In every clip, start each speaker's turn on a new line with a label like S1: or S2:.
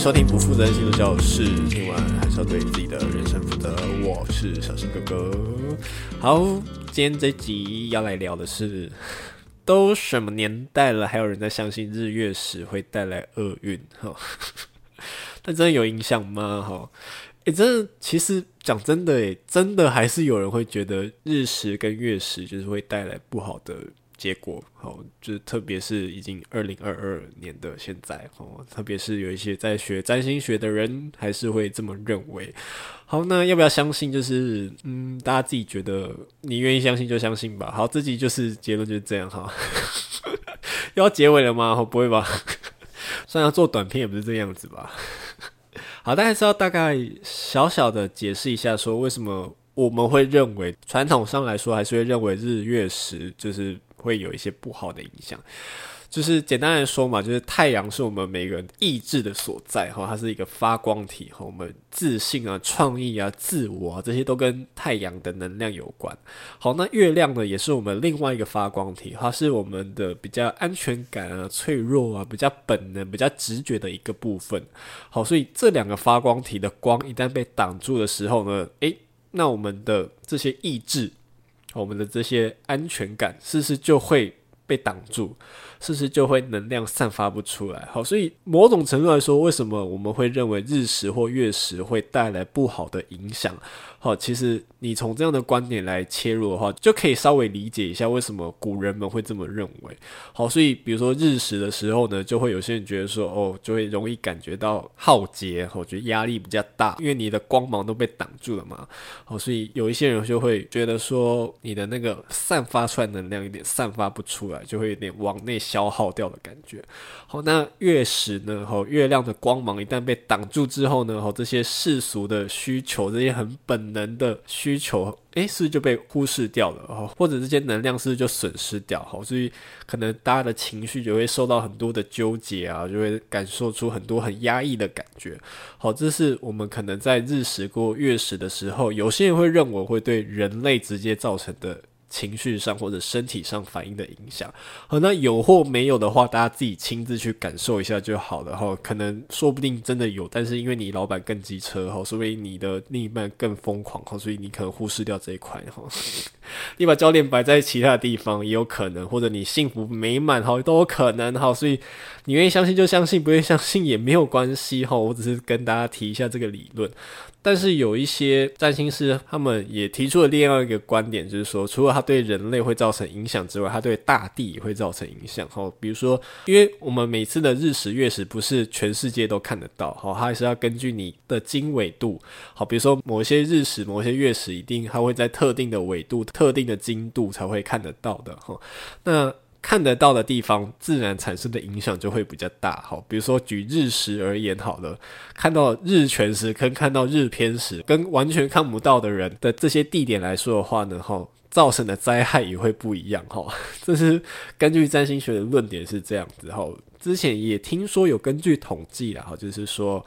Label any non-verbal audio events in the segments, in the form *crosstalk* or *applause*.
S1: 收聽不負責任星座教室，今晚還是要對自己的人生負責。我是小新哥哥，好，今天這集要來聊的是，都什麼年代了，還有人在相信日月食會帶來厄運哈？ *laughs* 但真的有影響嗎？哈，誒、欸，真的，其實講真的，誒，真的還是有人會覺得日食跟月食就是會帶來不好的。結果好，就特別是已經二零二二年的現在哦，特別是有一些在學占星學的人，還是會這麼認為。好，那要不要相信？就是嗯，大家自己覺得你願意相信就相信吧。好，自己就是結論就是這樣哈。 *laughs* 要結尾了嗎？哦，不會吧，雖然要做短片也不是這樣子吧。好，但還是要大概小小的解釋一下，說為什麼我們會認為傳統上來說還是會認為日月食就是。會有一些不好的影響，就是簡單來說嘛，就是太陽是我們每個人意志的所在哈，它是一個發光體，和我們自信啊、創意啊、自我啊這些都跟太陽的能量有關。好，那月亮呢，也是我們另外一個發光體，它是我們的比較安全感啊、脆弱啊、比較本能、比較直覺的一個部分。好，所以這兩個發光體的光一旦被擋住的時候呢，誒，那我們的這些意志，我們的這些安全感，是不是就會，被擋住，是不是就會能量散發不出來？好，所以某種程度來說，為什麼我們會認為日食或月食會帶來不好的影響？好，其實你從這樣的觀點來切入的話，就可以稍微理解一下為什麼古人們會這麼認為。好，所以比如說日食的時候呢，就會有些人覺得說，哦，就會容易感覺到浩劫，我覺得壓力比較大，因為你的光芒都被擋住了嘛。好，所以有一些人就會覺得說，你的那個散發出來能量有點散發不出來。就會有點往內消耗掉的感覺。好，那月食呢？哈、哦，月亮的光芒一旦被擋住之後呢？哈、哦，這些世俗的需求，這些很本能的需求，誒，是不是就被忽視掉了？哈、哦，或者這些能量是不是就損失掉？好、哦，所以可能大家的情緒就會受到很多的糾結啊，就會感受出很多很壓抑的感覺。好、哦，這是我們可能在日食過月食的時候，有些人會認為會對人類直接造成的。情緒上或者身體上反應的影響，好，那有或沒有的話，大家自己親自去感受一下就好了哈。可能說不定真的有，但是因為你老板更機車哈，所以你的另一半更瘋狂哈，所以你可能忽視掉這一塊哈。你把焦點擺在其他的地方也有可能，或者你幸福美滿，好，都有可能，哈，所以你願意相信就相信，不願意相信也沒有關係，哈，我只是跟大家提一下這個理論。但是有一些占星師他們也提出了另外一個觀點，就是說，除了他對人類會造成影響之外，他對大地也會造成影響，哈，比如說，因為我們每次的日食月食不是全世界都看得到，哈，他還是要根據你的經緯度，好，比如說某些日食、某些月食一定它會在特定的緯度。特定的精度才會看得到的哈，那看得到的地方，自然產生的影響就會比較大哈。比如說，舉日食而言，好了，看到日全食跟看到日偏食跟完全看不到的人的這些地點來說的話呢，哈，造成的災害也會不一樣哈。這是根據占星學的論點是這樣子哈。之前也聽說有根據統計啦，哈，就是說，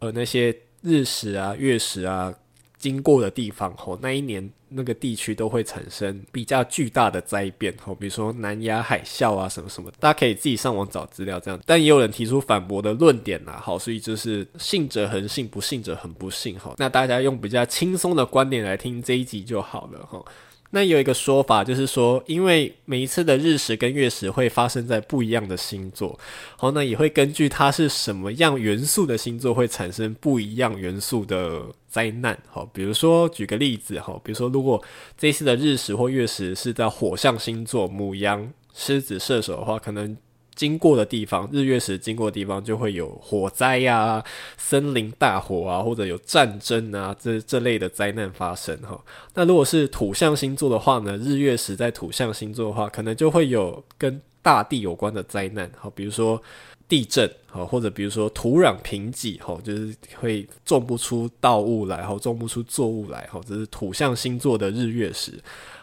S1: 呃，那些日食啊、月食啊。經過的地方，吼，那一年那個地區都會產生比較巨大的災變，吼，比如說南亞海嘯啊，什麼什麼，大家可以自己上網找資料這樣。但也有人提出反駁的論點啦，吼，所以就是信者恆信，不信者恆不信，哈。那大家用比較輕鬆的觀點來聽這一集就好了，哈。那有一個說法，就是說，因為每一次的日食跟月食會發生在不一樣的星座，好，那也會根據它是什麼樣元素的星座，會產生不一樣元素的災難。好，比如說舉個例子，哈，比如說如果這次的日食或月食是在火象星座——牡羊、獅子、射手的話，可能。經過的地方，日月蝕經過的地方就會有火災呀、啊、森林大火啊，或者有戰爭啊，這這類的災難發生哈。那如果是土象星座的話呢，日月蝕在土象星座的話，可能就會有跟大地有關的災難哈，比如說地震哈，或者比如說土壤貧瘠哈，就是會種不出稻物來，哈，種不出作物來哈，這是土象星座的日月蝕。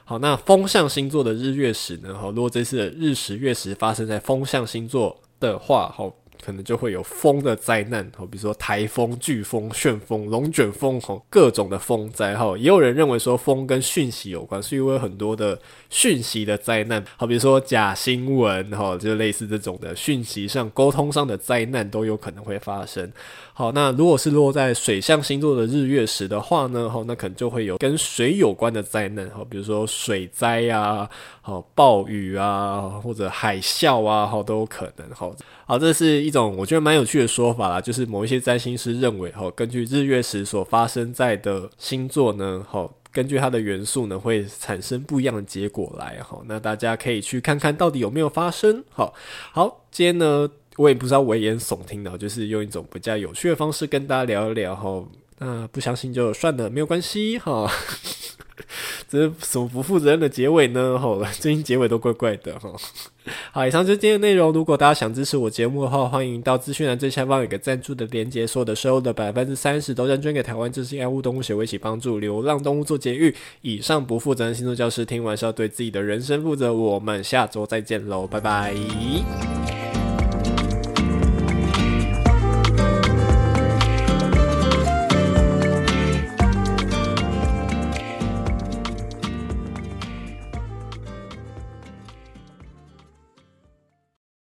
S1: 好，那風象星座的日月食呢？好，如果這次的日食月食發生在風象星座的話，好可能就會有風的災難，好，比如說台風、颶風、旋風、龍捲風，好，各種的風災。哈，也有人認為說風跟訊息有關，是因為有很多的訊息的災難，好，比如說假新聞，哈，就類似這種的訊息上溝通上的災難都有可能會發生。好，那如果是落在水象星座的日月蝕的話呢，哈，那可能就會有跟水有關的災難，哈，比如說水災啊，好，暴雨啊，或者海嘯啊，都有可能，哈。好，這是一種我覺得蠻有趣的說法啦，就是某一些占星師認為，哈、哦，根據日月食所發生在的星座呢，哈、哦，根據它的元素呢，會產生不一樣的結果來，哈、哦，那大家可以去看看到底有沒有發生，好、哦，好，今天呢，我也不知道危言聳聽的，就是用一種比較有趣的方式跟大家聊一聊，哈、哦，那不相信就算了，沒有關係，哈、哦。 *laughs* 這是什麼不負責任的結尾呢？吼，最近結尾都怪怪的。哈，好，以上就是今天的內容。如果大家想支持我節目的話，歡迎到資訊欄最下方有個贊助的連結。所有的收入的百分之三十都將捐給台灣之心愛護動物協會，一起幫助流浪動物做絕育。以上不負責任星座教師，聽完是要對自己的人生負責。我們下周再見嘍，拜拜。